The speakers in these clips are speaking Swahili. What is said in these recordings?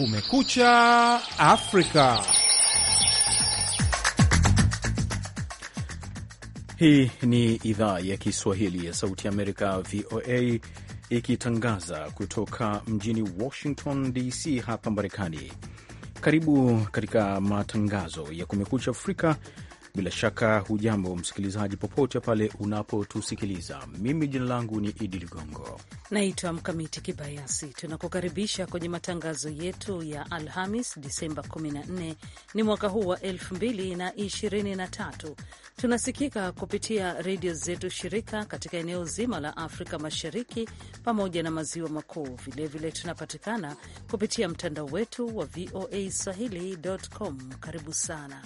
Kumekucha Afrika. Hii ni idhaa ya Kiswahili ya Sauti Amerika, VOA, ikitangaza kutoka mjini Washington DC, hapa Marekani. Karibu katika matangazo ya Kumekucha Afrika bila shaka hujambo msikilizaji, popote pale unapotusikiliza. Mimi jina langu ni Idi Ligongo, naitwa Mkamiti Kibayasi. Tunakukaribisha kwenye matangazo yetu ya Alhamis, Disemba 14 ni mwaka huu wa 2023. Tunasikika kupitia redio zetu shirika katika eneo zima la Afrika Mashariki pamoja na maziwa makuu. Vilevile tunapatikana kupitia mtandao wetu wa voa swahili.com. Karibu sana.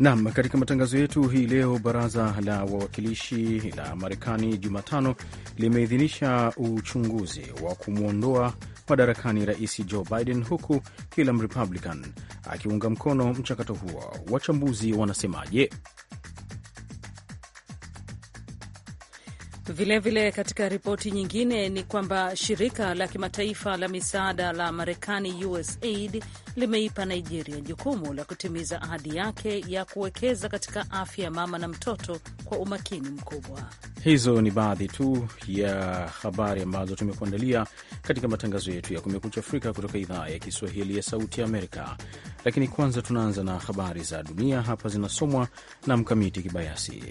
Nam, katika matangazo yetu hii leo, baraza la wawakilishi la Marekani Jumatano limeidhinisha uchunguzi wa kumwondoa madarakani Rais Joe Biden, huku kila Mrepublican akiunga mkono mchakato huo. Wachambuzi wanasemaje? Vilevile vile katika ripoti nyingine ni kwamba shirika la kimataifa la misaada la Marekani, USAID, limeipa Nigeria jukumu la kutimiza ahadi yake ya kuwekeza katika afya ya mama na mtoto kwa umakini mkubwa. Hizo ni baadhi tu ya habari ambazo tumekuandalia katika matangazo yetu ya Kumekucha Afrika kutoka idhaa ya Kiswahili ya Sauti ya Amerika, lakini kwanza tunaanza na habari za dunia. Hapa zinasomwa na Mkamiti Kibayasi.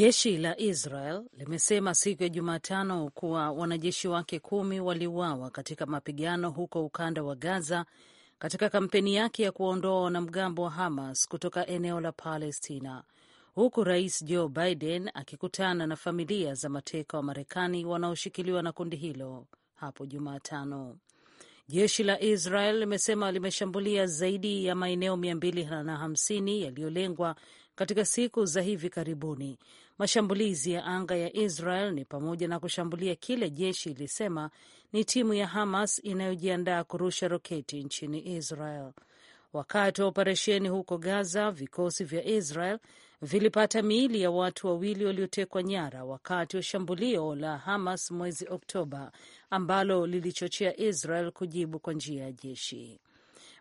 Jeshi la Israel limesema siku ya Jumatano kuwa wanajeshi wake kumi waliuawa katika mapigano huko ukanda wa Gaza katika kampeni yake ya kuondoa wanamgambo wa Hamas kutoka eneo la Palestina, huku Rais Joe Biden akikutana na familia za mateka wa Marekani wanaoshikiliwa na kundi hilo hapo Jumatano. Jeshi la Israel limesema limeshambulia zaidi ya maeneo 250 yaliyolengwa katika siku za hivi karibuni Mashambulizi ya anga ya Israel ni pamoja na kushambulia kile jeshi ilisema ni timu ya Hamas inayojiandaa kurusha roketi nchini Israel. Wakati wa operesheni huko Gaza, vikosi vya Israel vilipata miili ya watu wawili waliotekwa nyara wakati wa shambulio la Hamas mwezi Oktoba ambalo lilichochea Israel kujibu kwa njia ya jeshi.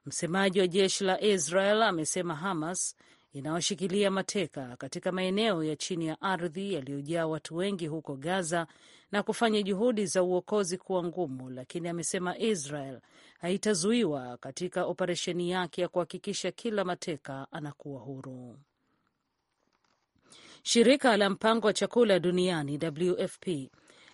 Msemaji wa jeshi la Israel amesema Hamas inayoshikilia mateka katika maeneo ya chini ya ardhi yaliyojaa watu wengi huko Gaza na kufanya juhudi za uokozi kuwa ngumu, lakini amesema Israel haitazuiwa katika operesheni yake ya kuhakikisha kila mateka anakuwa huru. Shirika la mpango wa chakula duniani WFP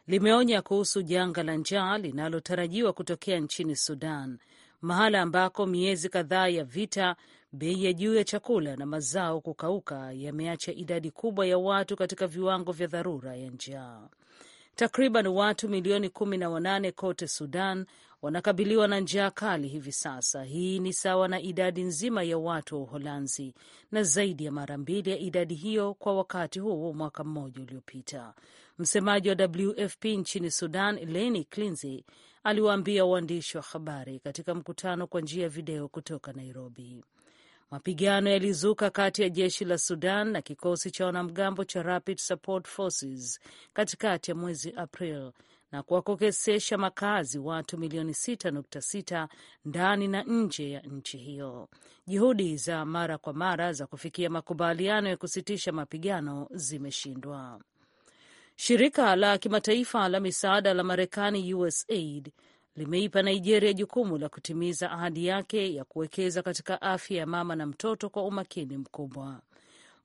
limeonya kuhusu janga la njaa linalotarajiwa kutokea nchini Sudan, mahala ambako miezi kadhaa ya vita Bei ya juu ya chakula na mazao kukauka yameacha idadi kubwa ya watu katika viwango vya dharura ya njaa. Takriban watu milioni kumi na wanane kote Sudan wanakabiliwa na njaa kali hivi sasa. Hii ni sawa na idadi nzima ya watu wa Uholanzi na zaidi ya mara mbili ya idadi hiyo kwa wakati huo mwaka mmoja uliopita. Msemaji wa WFP nchini Sudan, Leni Klinzy, aliwaambia waandishi wa habari katika mkutano kwa njia ya video kutoka Nairobi. Mapigano yalizuka kati ya jeshi la Sudan na kikosi cha wanamgambo cha Rapid Support Forces katikati ya mwezi April na kuwakokesesha makazi watu milioni 6.6 ndani na nje ya nchi hiyo. Juhudi za mara kwa mara za kufikia makubaliano ya kusitisha mapigano zimeshindwa. Shirika la kimataifa la misaada la Marekani, USAID, limeipa Nigeria jukumu la kutimiza ahadi yake ya kuwekeza katika afya ya mama na mtoto kwa umakini mkubwa.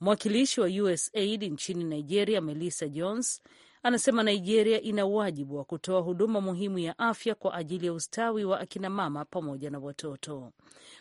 Mwakilishi wa USAID nchini Nigeria, Melissa Jones, anasema Nigeria ina wajibu wa kutoa huduma muhimu ya afya kwa ajili ya ustawi wa akinamama pamoja na watoto.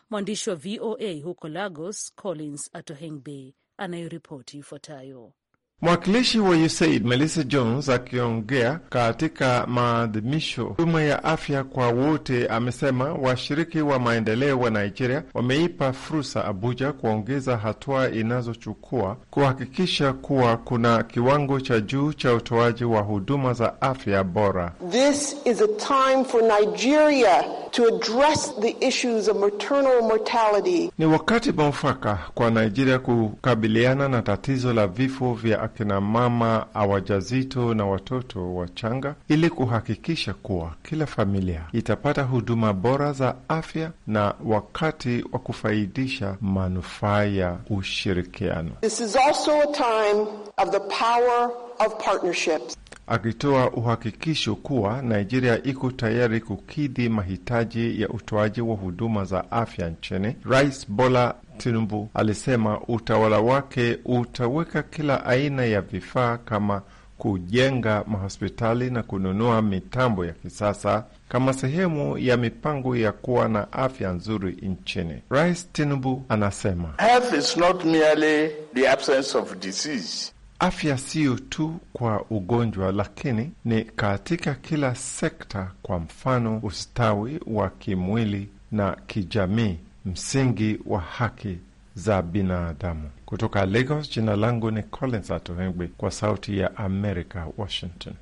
Mwandishi wa VOA huko Lagos, Collins Atohengbe, anayoripoti ifuatayo. Mwakilishi wa USAID Melissa Jones akiongea katika maadhimisho huduma ya afya kwa wote amesema washiriki wa maendeleo wa Nigeria wameipa fursa Abuja kuongeza hatua inazochukua kuhakikisha kuwa kuna kiwango cha juu cha utoaji wa huduma za afya bora. This is a time for Nigeria to address the issues of maternal mortality. Ni wakati mwafaka kwa Nigeria kukabiliana na tatizo la vifo vya akina mama awajazito na watoto wachanga ili kuhakikisha kuwa kila familia itapata huduma bora za afya na wakati wa kufaidisha manufaa ya ushirikiano. This is also a time of the power of partnerships akitoa uhakikisho kuwa Nigeria iko tayari kukidhi mahitaji ya utoaji wa huduma za afya nchini. Rais Bola Tinubu alisema utawala wake utaweka kila aina ya vifaa kama kujenga mahospitali na kununua mitambo ya kisasa kama sehemu ya mipango ya kuwa na afya nzuri nchini. Rais Tinubu anasema Health is not merely the absence of disease afya siyo tu kwa ugonjwa, lakini ni katika kila sekta. Kwa mfano, ustawi wa kimwili na kijamii, msingi wa haki za binadamu. Kutoka Lagos, jina langu ni Collins Atohengwi, kwa Sauti ya Amerika, Washington.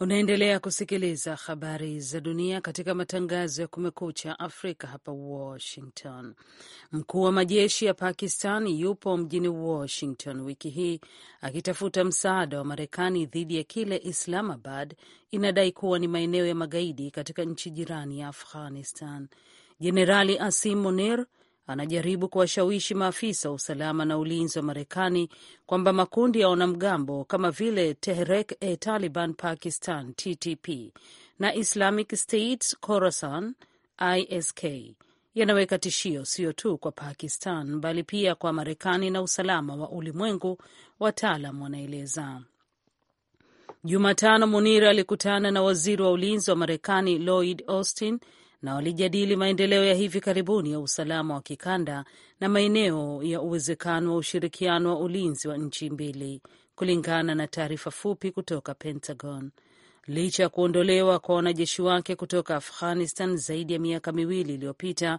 Unaendelea kusikiliza habari za dunia katika matangazo ya Kumekucha Afrika hapa Washington. Mkuu wa majeshi ya Pakistan yupo mjini Washington wiki hii akitafuta msaada wa Marekani dhidi ya kile Islamabad inadai kuwa ni maeneo ya magaidi katika nchi jirani ya Afghanistan. Jenerali Asim Munir anajaribu kuwashawishi maafisa wa usalama na ulinzi wa Marekani kwamba makundi ya wanamgambo kama vile tehrek e taliban Pakistan TTP na Islamic State Khorasan ISK yanaweka tishio sio tu kwa Pakistan bali pia kwa Marekani na usalama wa ulimwengu, wataalam wanaeleza. Jumatano, Munir alikutana na waziri wa ulinzi wa Marekani Lloyd Austin na walijadili maendeleo ya hivi karibuni ya usalama wa kikanda na maeneo ya uwezekano wa ushirikiano wa ulinzi wa nchi mbili, kulingana na taarifa fupi kutoka Pentagon. Licha ya kuondolewa kwa wanajeshi wake kutoka Afghanistan zaidi ya miaka miwili iliyopita,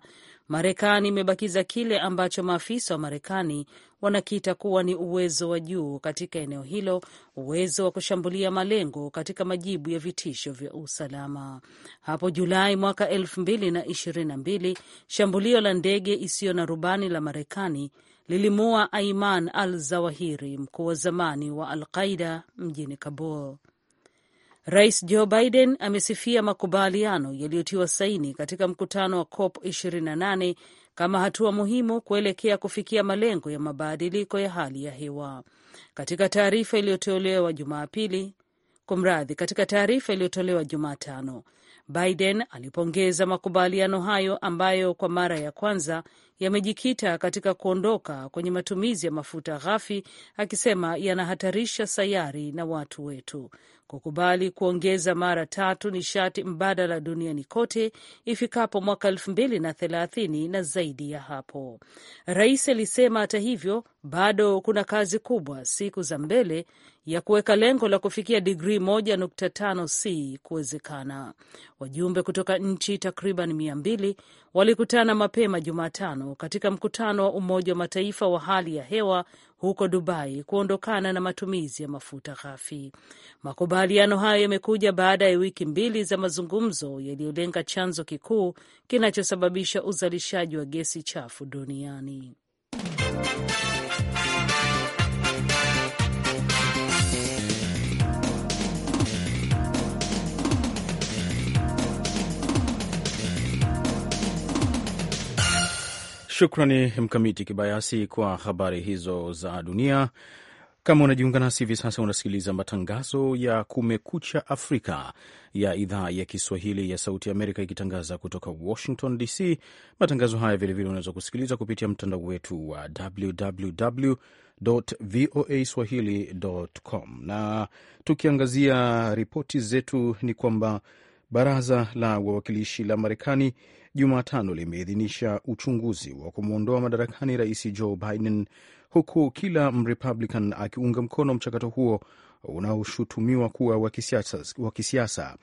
Marekani imebakiza kile ambacho maafisa wa Marekani wanakiita kuwa ni uwezo wa juu katika eneo hilo, uwezo wa kushambulia malengo katika majibu ya vitisho vya usalama. Hapo Julai mwaka elfu mbili na ishirini na mbili, shambulio la ndege isiyo na rubani la Marekani lilimua Aiman al Zawahiri, mkuu wa zamani wa Al Qaida mjini Kabul. Rais Joe Biden amesifia makubaliano yaliyotiwa saini katika mkutano wa COP 28 kama hatua muhimu kuelekea kufikia malengo ya mabadiliko ya hali ya hewa. Katika taarifa iliyotolewa Jumapili, kumradhi, katika taarifa iliyotolewa Jumatano, Biden alipongeza makubaliano hayo ambayo kwa mara ya kwanza yamejikita katika kuondoka kwenye matumizi ya mafuta ghafi, akisema yanahatarisha sayari na watu wetu. Kukubali kuongeza mara tatu nishati mbadala duniani kote ifikapo mwaka elfu mbili na thelathini na zaidi ya hapo, rais alisema. Hata hivyo, bado kuna kazi kubwa siku za mbele ya kuweka lengo la kufikia digrii moja nukta tano c kuwezekana. Wajumbe kutoka nchi takriban mia mbili walikutana mapema Jumatano katika mkutano wa Umoja wa Mataifa wa hali ya hewa huko Dubai kuondokana na matumizi ya mafuta ghafi. Makubaliano hayo yamekuja baada ya wiki mbili za mazungumzo yaliyolenga chanzo kikuu kinachosababisha uzalishaji wa gesi chafu duniani. Shukrani Mkamiti Kibayasi kwa habari hizo za dunia. Kama unajiunga nasi hivi sasa, unasikiliza matangazo ya Kumekucha Afrika ya idhaa ya Kiswahili ya Sauti ya Amerika ikitangaza kutoka Washington DC. Matangazo haya vilevile unaweza kusikiliza kupitia mtandao wetu wa www voa swahili.com. Na tukiangazia ripoti zetu, ni kwamba baraza la wawakilishi la Marekani Jumatano limeidhinisha uchunguzi wa kumwondoa madarakani rais Joe Biden, huku kila Mrepublican akiunga mkono mchakato huo unaoshutumiwa kuwa wa kisiasa, wa kisiasa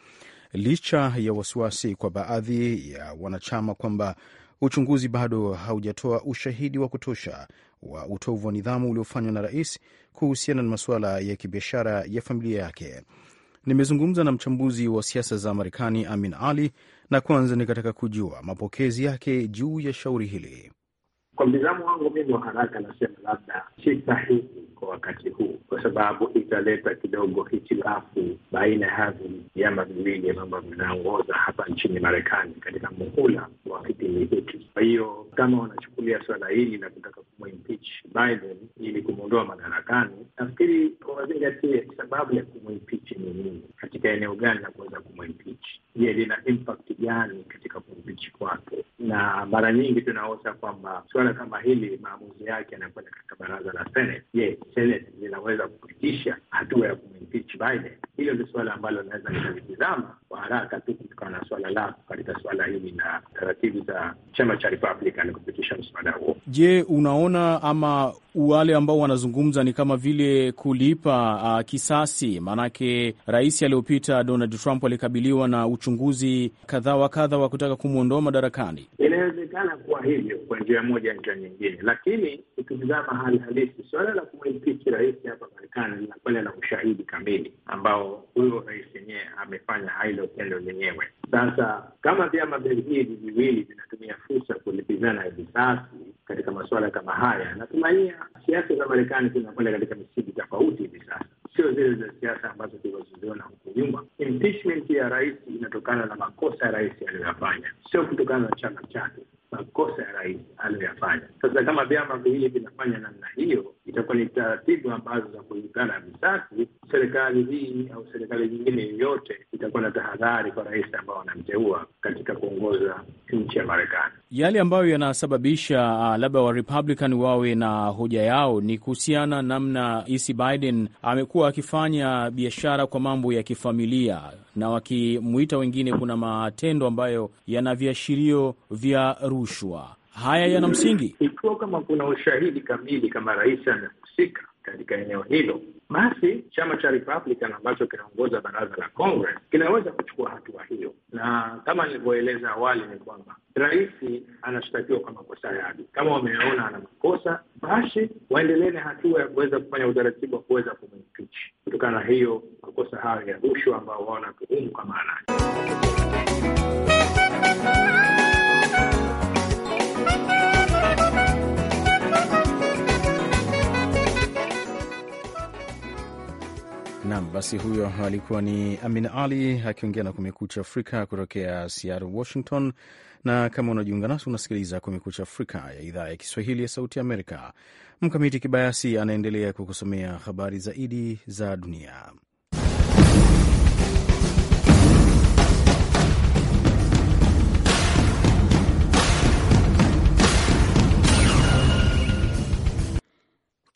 licha ya wasiwasi kwa baadhi ya wanachama kwamba uchunguzi bado haujatoa ushahidi wa kutosha wa utovu wa nidhamu uliofanywa na rais kuhusiana na masuala ya kibiashara ya familia yake. Nimezungumza na mchambuzi wa siasa za Marekani Amin Ali, na kwanza nikataka kujua mapokezi yake juu ya shauri hili. Kwa mtizamo wangu mimi wa haraka, nasema labda si sahihi kwa wakati huu, kwa sababu italeta kidogo hitilafu baina ya havi vyama viwili ambavyo vinaongoza hapa nchini Marekani katika muhula wa kipindi hiki. Kwa hiyo kama wanachukulia suala hili na kutaka kumswitch Biden ili kumwondoa madarakani, nafikiri wazingatie sababu ya kumwimpichi ni nini, katika eneo gani la kuweza kumwimpichi. Je, lina impact gani katika kumpichi kwake? Na mara nyingi tunaosa kwamba suala kama hili maamuzi yake yanakwenda katika katika baraza la Senate. Je, Senate linaweza kupitisha hatua ya kumimpichi Biden? Hilo ni suala ambalo linaweza likalitizama kwa haraka tu kutokana na suala lako katika suala hili na taratibu za chama cha Republican kupitisha mswada huo. Je, unaona ama wale ambao wanazungumza ni kama vile kulipa uh, kisasi? Maanake rais aliyopita Donald Trump alikabiliwa na uchunguzi kadha wa kadha wa kutaka kumwondoa madarakani. Inawezekana kuwa hivyo kwa njia moja, njia nyingine, lakini ukitizama hali halisi. Suala la kumwimpichi rais hapa Marekani lina na ushahidi kamili ambao huyo rais yenyewe amefanya hilo tendo lenyewe. Sasa kama vyama vya hivi viwili vinatumia fursa kulipizana visasi katika masuala kama haya, natumania siasa za Marekani zinakwenda katika misingi tofauti hivi sasa, sio zile za siasa ambazo tulizoziona huku nyuma. Impeachment ya rais inatokana na makosa ya rais aliyoyafanya, sio kutokana na chama chake, makosa ya rais aliyoyafanya. Sasa kama vyama viwili vinafanya namna hiyo, itakuwa ni taratibu ambazo za kujulikana visasi. Serikali hii au serikali nyingine yoyote itakuwa na tahadhari kwa rais ambao wanamteua katika kuongoza nchi ya Marekani. Yale ambayo yanasababisha uh, labda wa Republican wawe na hoja yao ni kuhusiana namna Isi Biden amekuwa akifanya biashara kwa mambo ya kifamilia na wakimwita wengine, kuna matendo ambayo yana viashirio vya rushwa haya yana msingi. Ikiwa kama kuna ushahidi kamili kama rais amehusika katika eneo hilo, basi chama cha Republican ambacho kinaongoza baraza la Congress kinaweza kuchukua hatua hiyo, na kama nilivyoeleza awali ni kwamba rais anashtakiwa kwa makosa yake. Kama wameona ana makosa, basi waendelee na hatua ya kuweza kufanya utaratibu wa kuweza kumimpichi kutokana na hiyo makosa hayo ya rushwa ambao wao wanatuhumu kama anayo Nam, basi huyo alikuwa ni Amin Ali akiongea na Kumekucha Afrika kutokea Seattle, Washington. Na kama unajiunga nasi, unasikiliza Kumekucha Afrika ya idhaa ya Kiswahili ya Sauti Amerika. Mkamiti Kibayasi anaendelea kukusomea habari zaidi za dunia.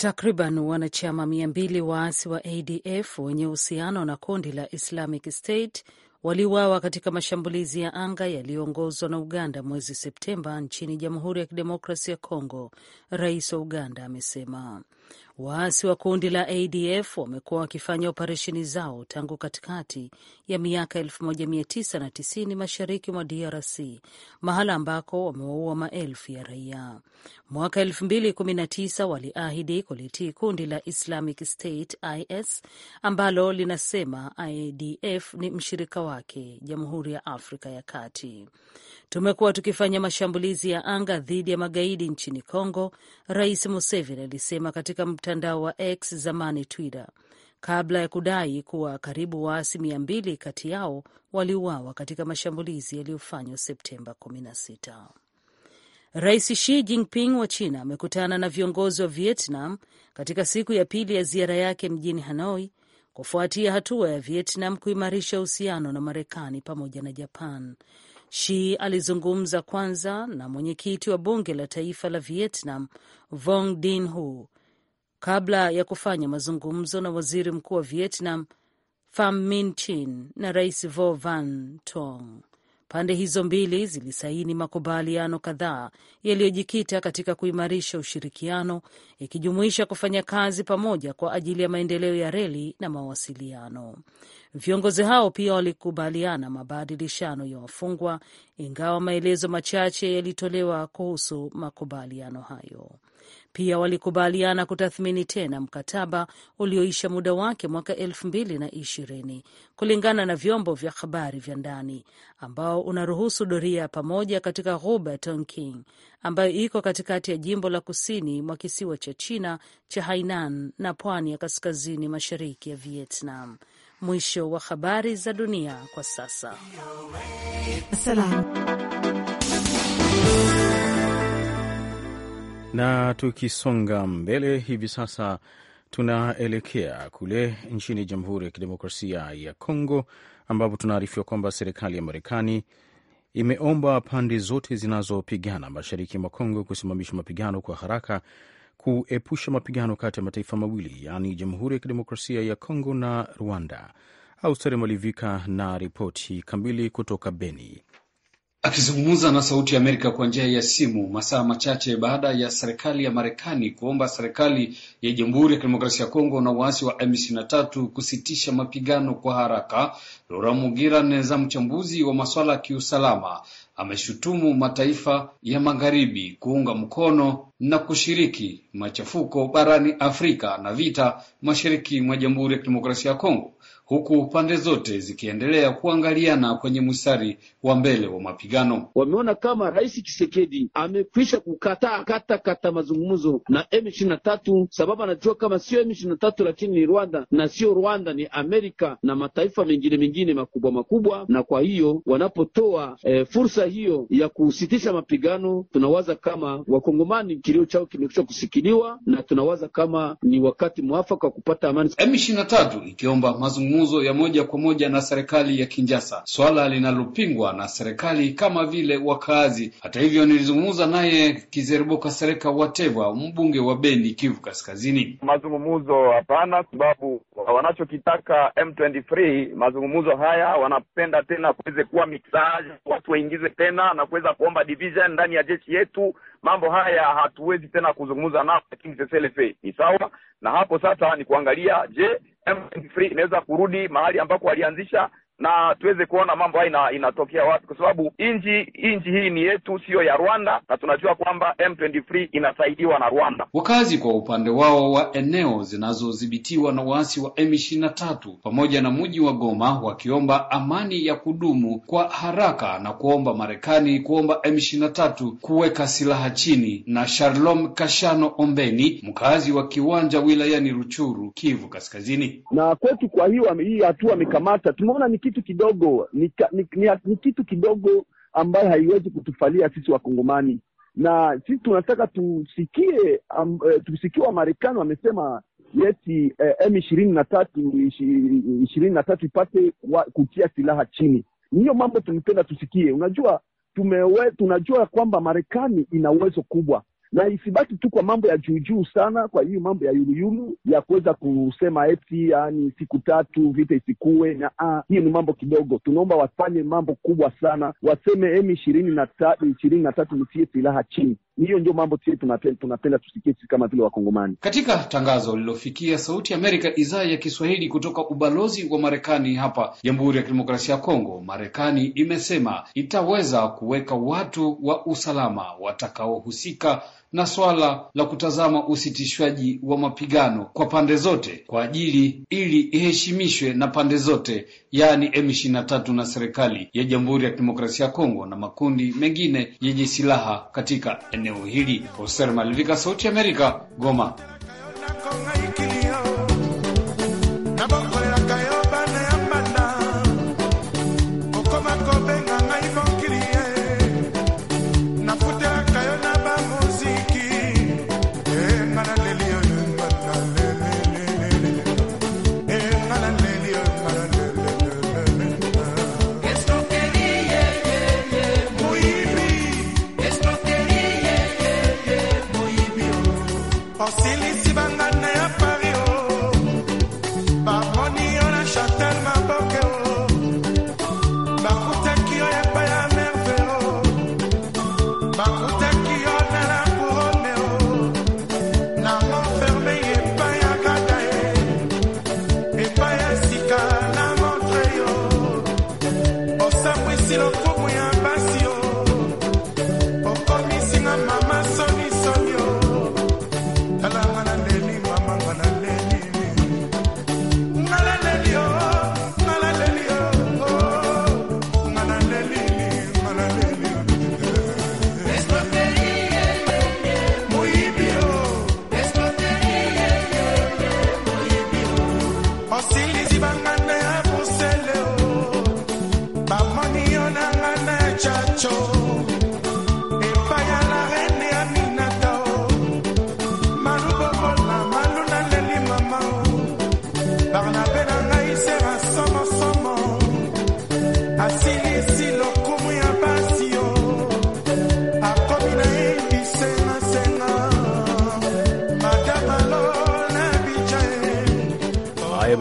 Takriban wanachama mia mbili waasi wa ADF wenye uhusiano na kundi la Islamic State waliuawa katika mashambulizi ya anga yaliyoongozwa na Uganda mwezi Septemba nchini Jamhuri ya Kidemokrasi ya Kongo, rais wa Uganda amesema. Waasi wa kundi la ADF wamekuwa wakifanya operesheni zao tangu katikati ya miaka 1990 mashariki mwa DRC, mahala ambako wamewaua maelfu ya raia. Mwaka 2019 waliahidi kulitii kundi la Islamic State IS ambalo linasema ADF ni mshirika wake, Jamhuri ya Afrika ya Kati. Tumekuwa tukifanya mashambulizi ya anga dhidi ya magaidi nchini congo Rais Museveni alisema katika katika mtandao wa X zamani Twitter kabla ya kudai kuwa karibu waasi mia mbili kati yao waliuawa katika mashambulizi yaliyofanywa Septemba 16. Rais Xi Jinping wa China amekutana na viongozi wa Vietnam katika siku ya pili ya ziara yake mjini Hanoi kufuatia hatua ya Vietnam kuimarisha uhusiano na Marekani pamoja na Japan. Xi alizungumza kwanza na mwenyekiti wa bunge la taifa la Vietnam Vong Din Hu kabla ya kufanya mazungumzo na waziri mkuu wa Vietnam Pham Minh Chinh na rais Vo Van Tong. Pande hizo mbili zilisaini makubaliano kadhaa yaliyojikita katika kuimarisha ushirikiano, ikijumuisha kufanya kazi pamoja kwa ajili ya maendeleo ya reli na mawasiliano. Viongozi hao pia walikubaliana mabadilishano ya wafungwa, ingawa maelezo machache yalitolewa kuhusu makubaliano hayo. Pia walikubaliana kutathmini tena mkataba ulioisha muda wake mwaka elfu mbili na ishirini kulingana na vyombo vya habari vya ndani, ambao unaruhusu doria pamoja katika ghuba ya Tonkin ambayo iko katikati ya jimbo la kusini mwa kisiwa cha China cha Hainan na pwani ya kaskazini mashariki ya Vietnam. Mwisho wa habari za dunia kwa sasa. Salam. Na tukisonga mbele hivi sasa tunaelekea kule nchini Jamhuri ya Kidemokrasia ya Kongo ambapo tunaarifiwa kwamba serikali ya Marekani imeomba pande zote zinazopigana mashariki mwa Kongo kusimamisha mapigano kwa haraka kuepusha mapigano kati ya mataifa mawili yaani Jamhuri ya Kidemokrasia ya Kongo na Rwanda. austari Malivika na ripoti kamili kutoka Beni. Akizungumza na Sauti ya Amerika kwa njia ya simu masaa machache baada ya serikali ya Marekani kuomba serikali ya Jamhuri ya Kidemokrasia ya Kongo na waasi wa M23 kusitisha mapigano kwa haraka, Lora Mugira Neza, mchambuzi wa masuala ya kiusalama, ameshutumu mataifa ya magharibi kuunga mkono na kushiriki machafuko barani Afrika na vita mashariki mwa Jamhuri ya Kidemokrasia ya Kongo huku pande zote zikiendelea kuangaliana kwenye mstari wa mbele wa mapigano. Wameona kama Rais chisekedi amekwisha kukataa kata kata mazungumzo na M23, sababu anajua kama sio M23 lakini ni Rwanda na sio Rwanda ni Amerika na mataifa mengine mengine makubwa makubwa. Na kwa hiyo wanapotoa e, fursa hiyo ya kusitisha mapigano, tunawaza kama wakongomani kilio chao kimekwisha kusikiliwa na tunawaza kama ni wakati mwafaka wa kupata amani. M23 ikiomba mazungumzo mazungumzo ya moja kwa moja na serikali ya Kinjasa, swala linalopingwa na serikali kama vile wakaazi. Hata hivyo, nilizungumza naye Kizeriboka Sereka Wateva, mbunge wa Beni, Kivu Kaskazini. Mazungumzo hapana, sababu wanachokitaka M23, mazungumzo haya wanapenda tena kuweze kuwa mixage, watu waingize tena na kuweza kuomba division ndani ya jeshi yetu. Mambo haya hatuwezi tena kuzungumza nao, lakini ni sawa na hapo sasa ni kuangalia, je M23 inaweza kurudi mahali ambako walianzisha na tuweze kuona mambo haya ina, inatokea wapi, kwa sababu inji inji hii ni yetu, siyo ya Rwanda, na tunajua kwamba M23 inasaidiwa na Rwanda. Wakazi kwa upande wao wa eneo zinazodhibitiwa na waasi wa M23 pamoja na mji wa Goma wakiomba amani ya kudumu kwa haraka na kuomba Marekani kuomba M23 kuweka silaha chini. Na Shalom Kashano Ombeni, mkazi wa Kiwanja wilayani Ruchuru, Kivu Kaskazini. Na kwetu kwa hiyo hii hatua amekamata, tumeona ni kitu kidogo ni, ni, ni, ni kitu kidogo ambayo haiwezi kutufalia sisi Wakongomani na sisi tunataka tusikie um, uh, tusikie Wamarekani wamesema yeti eh, m ishirini na tatu ishirini na tatu ipate kutia silaha chini. Hiyo mambo tumependa tusikie. Unajua tumewe, tunajua kwamba Marekani ina uwezo kubwa na isibaki tu kwa mambo ya juujuu sana, kwa hiyo mambo ya yuluyulu ya kuweza kusema eti yani siku tatu vita isikue na ah, hiyo ni mambo kidogo. Tunaomba wafanye mambo kubwa sana, waseme emi ishirini na tatu ishirini na tatu nisie silaha chini. Hiyo ndio mambo tie tunapenda, tunapenda tusikie sisi kama vile Wakongomani. Katika tangazo lilofikia Sauti Amerika idhaa ya Kiswahili kutoka ubalozi wa Marekani hapa Jamhuri ya Kidemokrasia ya Kongo, Marekani imesema itaweza kuweka watu wa usalama watakaohusika na swala la kutazama usitishwaji wa mapigano kwa pande zote kwa ajili ili iheshimishwe na pande zote, yaani M23 na serikali ya Jamhuri ya Kidemokrasia ya Kongo na makundi mengine yenye silaha katika eneo hili. Hoser Malivika, Sauti ya Amerika, Goma.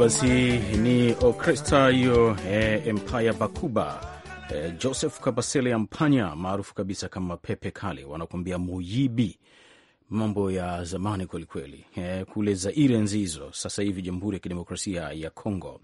Basi ni orkestra hiyo eh, Empire Bakuba eh, Joseph Kabasele Ampanya maarufu kabisa kama Pepe Kale wanakuambia muyibi mambo ya zamani kwelikweli, eh, kule Zaire enzi sasa hivi Jamhuri ya Kidemokrasia ya Kongo.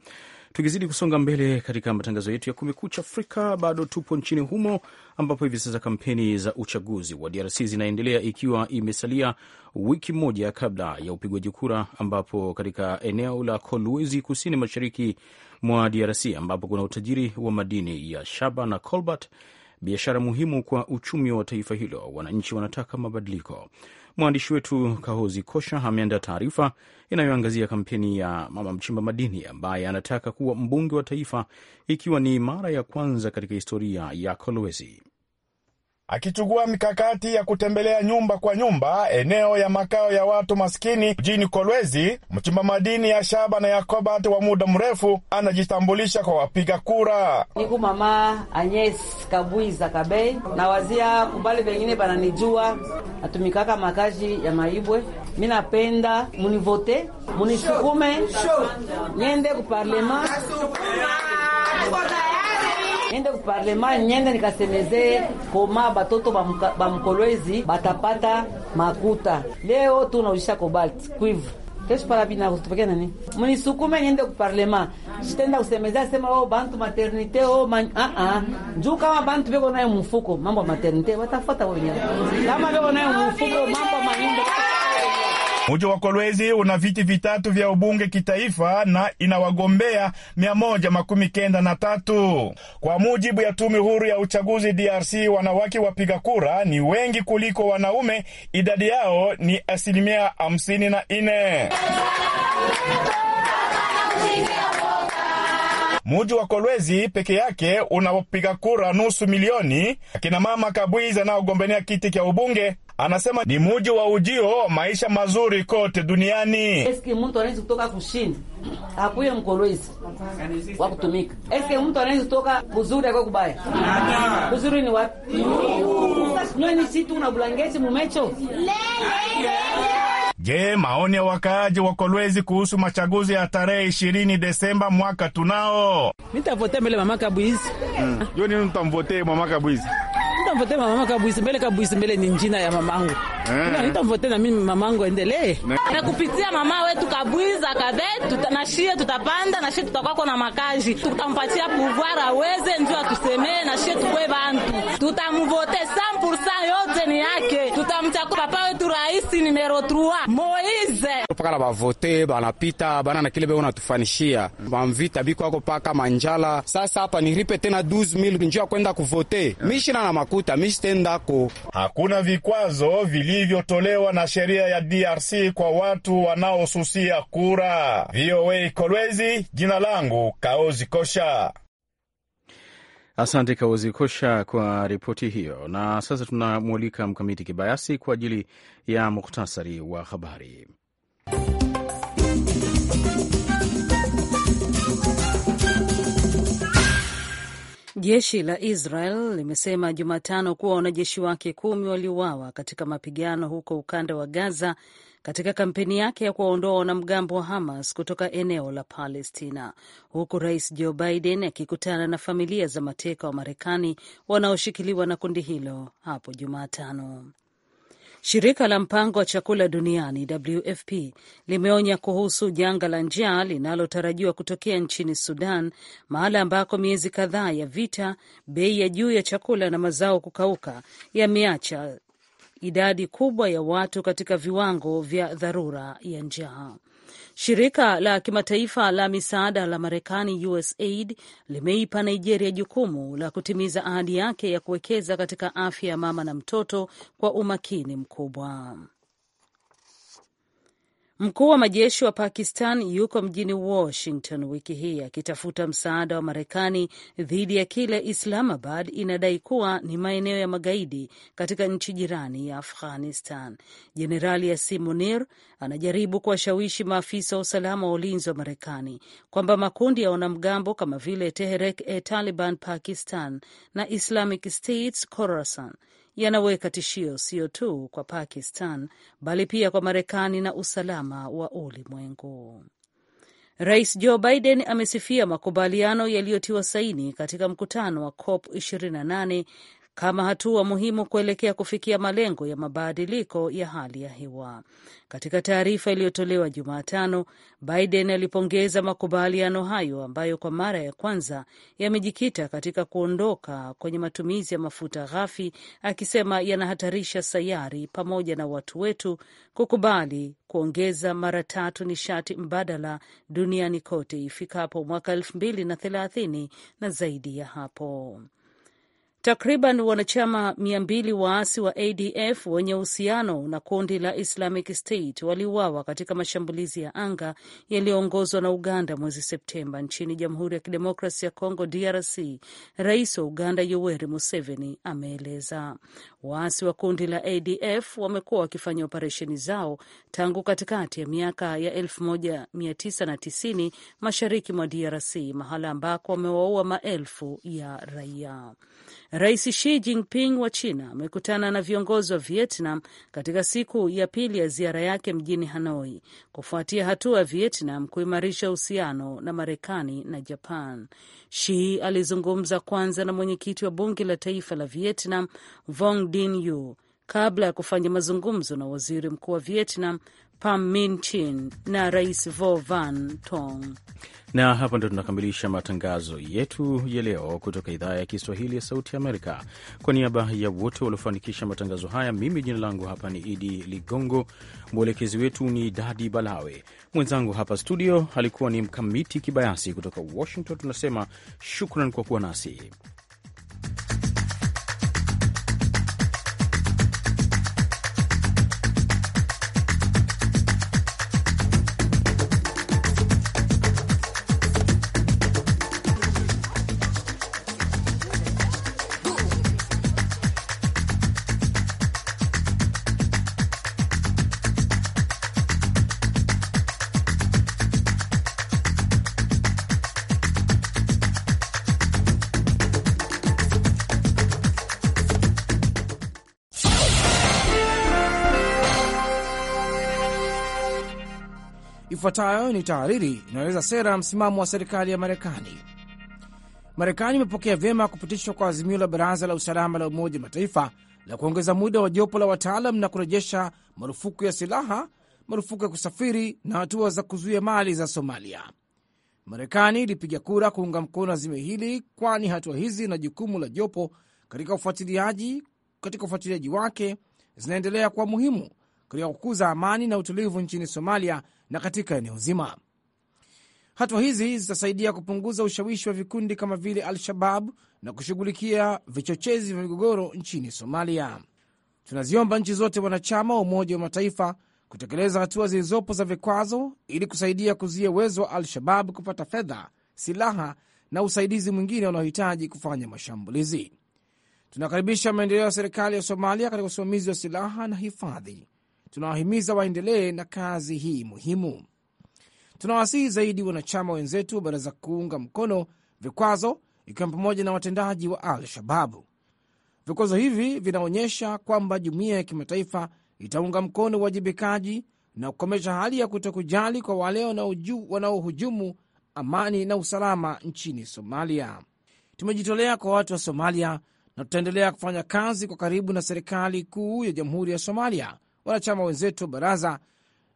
Tukizidi kusonga mbele katika matangazo yetu ya Kumekucha Afrika, bado tupo nchini humo ambapo hivi sasa kampeni za uchaguzi wa DRC zinaendelea ikiwa imesalia wiki moja kabla ya upigwaji kura, ambapo katika eneo la Kolwezi kusini mashariki mwa DRC ambapo kuna utajiri wa madini ya shaba na cobalt, biashara muhimu kwa uchumi wa taifa hilo, wananchi wanataka mabadiliko. Mwandishi wetu Kahozi Kosha ameandaa taarifa inayoangazia kampeni ya mama mchimba madini ambaye anataka kuwa mbunge wa taifa, ikiwa ni mara ya kwanza katika historia ya Kolwezi akichukua mikakati ya kutembelea nyumba kwa nyumba, eneo ya makao ya watu maskini mjini Kolwezi. Mchimba madini ya shaba na ya wa muda mrefu anajitambulisha kwa wapiga kura. Niku mama Anyes Kabwiza Kabei, nawazia kubali vengine pananijua, natumikaka makazi ya Maibwe. Mi napenda munivote, munisukume nyende kuparlema niende kuparlema niende nikasemezee koma batoto bamkolwezi batapata makuta. Leo tunaujisha kobalt Kwivu, kesho pala bina nani, mnisukume niende kuparlema sitenda kusemezea sema o oh, bantu maternite o oh, man a ah, a ah. juu kama bantu beko nayo mfuko mambo maternite watafuata wenyewe, kama beko nayo mfuko mambo manyumba Mji wa Kolwezi una viti vitatu vya ubunge kitaifa na ina wagombea mia moja makumi kenda na tatu kwa mujibu ya tume huru ya uchaguzi DRC. Wanawake wapiga kura ni wengi kuliko wanaume, idadi yao ni asilimia hamsini na nne. Muji wa Kolwezi peke yake unapiga kura nusu milioni. Akina mama Kabwizi anaogombania kiti cha ubunge Anasema ni muji wa ujio maisha mazuri kote duniani. Eske mtu anaweza kutoka kushinda akuye mkoroisi wa kutumika? Eske mtu anaweza kutoka kuzuri akwe kubaya? Kuzuri ni wapi? Nyoni situ na bulangeti mumecho Je, maoni ya wakaaji wa Kolwezi kuhusu machaguzi ya tarehe ishirini Desemba mwaka tunao? Nitavote mbele mama Kabwizi. Mm. Yo nini nitamvote mama Kabwizi? mvote mama Kabwisi mbele. Kabwisi mbele ni njina ya mamangu, eh. Na mvote na mimi mamangu endelee na kupitia mama wetu kabuiza akabe, nashie tutapanda na nashie tutakuwa na makazi. tutampatia pouvoir aweze njua njoo na nashie tukwe bantu, tutamvote 100% yote ni yake, tutamchakua papa rais numero 3 Moize paka na bavote banapita bana na kile beona tufanishia bamvita biko ako paka manjala. Sasa hapa ripe tena 12000 njia kwenda kuvote mishi na makuta ko, Hakuna vikwazo vilivyotolewa na sheria ya DRC kwa watu wanaosusia kura. VOA Kolwezi, jina langu Kaozi Kosha. Asante Kaozi Kosha kwa ripoti hiyo, na sasa tunamwalika Mkamiti Kibayasi kwa ajili ya muktasari wa habari. Jeshi la Israel limesema Jumatano kuwa wanajeshi wake kumi waliuawa katika mapigano huko ukanda wa Gaza katika kampeni yake ya kuwaondoa wanamgambo wa Hamas kutoka eneo la Palestina, huku Rais Joe Biden akikutana na familia za mateka wa Marekani wanaoshikiliwa na kundi hilo hapo Jumatano. Shirika la mpango wa chakula duniani WFP limeonya kuhusu janga la njaa linalotarajiwa kutokea nchini Sudan, mahala ambako miezi kadhaa ya vita, bei ya juu ya chakula na mazao kukauka yameacha idadi kubwa ya watu katika viwango vya dharura ya njaa. Shirika la kimataifa la misaada la Marekani, USAID, limeipa Nigeria jukumu la kutimiza ahadi yake ya kuwekeza katika afya ya mama na mtoto kwa umakini mkubwa. Mkuu wa majeshi wa Pakistan yuko mjini Washington wiki hii akitafuta msaada wa Marekani dhidi ya kile Islamabad inadai kuwa ni maeneo ya magaidi katika nchi jirani ya Afghanistan. Jenerali Yasin Munir anajaribu kuwashawishi maafisa wa usalama wa ulinzi wa Marekani kwamba makundi ya wanamgambo kama vile Teherek e Taliban Pakistan na Islamic States Khorasan yanaweka tishio sio tu kwa Pakistan bali pia kwa Marekani na usalama wa ulimwengu. Rais Joe Biden amesifia makubaliano yaliyotiwa saini katika mkutano wa COP 28 kama hatua muhimu kuelekea kufikia malengo ya mabadiliko ya hali ya hewa. Katika taarifa iliyotolewa Jumatano, Biden alipongeza makubaliano hayo ambayo kwa mara ya kwanza yamejikita katika kuondoka kwenye matumizi ya mafuta ghafi, akisema yanahatarisha sayari pamoja na watu wetu, kukubali kuongeza mara tatu nishati mbadala duniani kote ifikapo mwaka elfu mbili na thelathini na zaidi ya hapo. Takriban wanachama 2 waasi wa ADF wenye uhusiano na kundi la Islamic State waliuawa katika mashambulizi ya anga yaliyoongozwa na Uganda mwezi Septemba nchini Jamhuri ya Kidemokrasi ya congo DRC. Rais wa Uganda Yoweri Museveni ameeleza waasi wa kundi la ADF wamekuwa wakifanya operesheni zao tangu katikati ya miaka ya 1990 mashariki mwa DRC, mahala ambako wamewaua maelfu ya raia. Rais Xi Jinping wa China amekutana na viongozi wa Vietnam katika siku ya pili ya ziara yake mjini Hanoi kufuatia hatua ya Vietnam kuimarisha uhusiano na Marekani na Japan. Xi alizungumza kwanza na mwenyekiti wa bunge la taifa la Vietnam Vong Din Yu kabla ya kufanya mazungumzo na waziri mkuu wa Vietnam Pham Minh Chinh na Rais Vo Van Tong. Na hapa ndo tunakamilisha matangazo yetu ya leo kutoka idhaa ya Kiswahili ya Sauti ya Amerika. Kwa niaba ya wote waliofanikisha matangazo haya, mimi jina langu hapa ni Idi Ligongo, mwelekezi wetu ni Dadi Balawe, mwenzangu hapa studio alikuwa ni Mkamiti Kibayasi kutoka Washington. Tunasema shukran kwa kuwa nasi. Ifuatayo ni tahariri inayoeleza sera ya msimamo wa serikali ya Marekani. Marekani imepokea vyema kupitishwa kwa azimio la Baraza la Usalama la Umoja Mataifa la kuongeza muda wa jopo la wataalam na kurejesha marufuku ya silaha, marufuku ya kusafiri na hatua za kuzuia mali za Somalia. Marekani ilipiga kura kuunga mkono azimio hili, kwani hatua hizi na jukumu la jopo katika ufuatiliaji katika ufuatiliaji wake zinaendelea kuwa muhimu katika kukuza amani na utulivu nchini Somalia na katika eneo zima. Hatua hizi zitasaidia kupunguza ushawishi wa vikundi kama vile Al-Shabab na kushughulikia vichochezi vya migogoro nchini Somalia. Tunaziomba nchi zote wanachama wa Umoja wa Mataifa kutekeleza hatua zilizopo za vikwazo ili kusaidia kuzuia uwezo wa Al-Shabab kupata fedha, silaha na usaidizi mwingine unaohitaji kufanya mashambulizi. Tunakaribisha maendeleo ya serikali ya Somalia katika usimamizi wa silaha na hifadhi tunawahimiza waendelee na kazi hii muhimu. Tunawasihi zaidi wanachama wenzetu wa baraza kuunga mkono vikwazo, ikiwa pamoja na watendaji wa Al Shababu. Vikwazo hivi vinaonyesha kwamba jumuiya ya kimataifa itaunga mkono uwajibikaji na kukomesha hali ya kutokujali kwa wale wanaohujumu amani na usalama nchini Somalia. Tumejitolea kwa watu wa Somalia na tutaendelea kufanya kazi kwa karibu na serikali kuu ya Jamhuri ya Somalia wanachama wenzetu wa baraza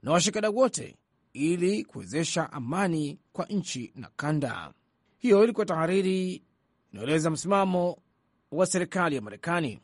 na washikadau wote ili kuwezesha amani kwa nchi na kanda. Hiyo ilikuwa tahariri inaeleza msimamo wa serikali ya Marekani.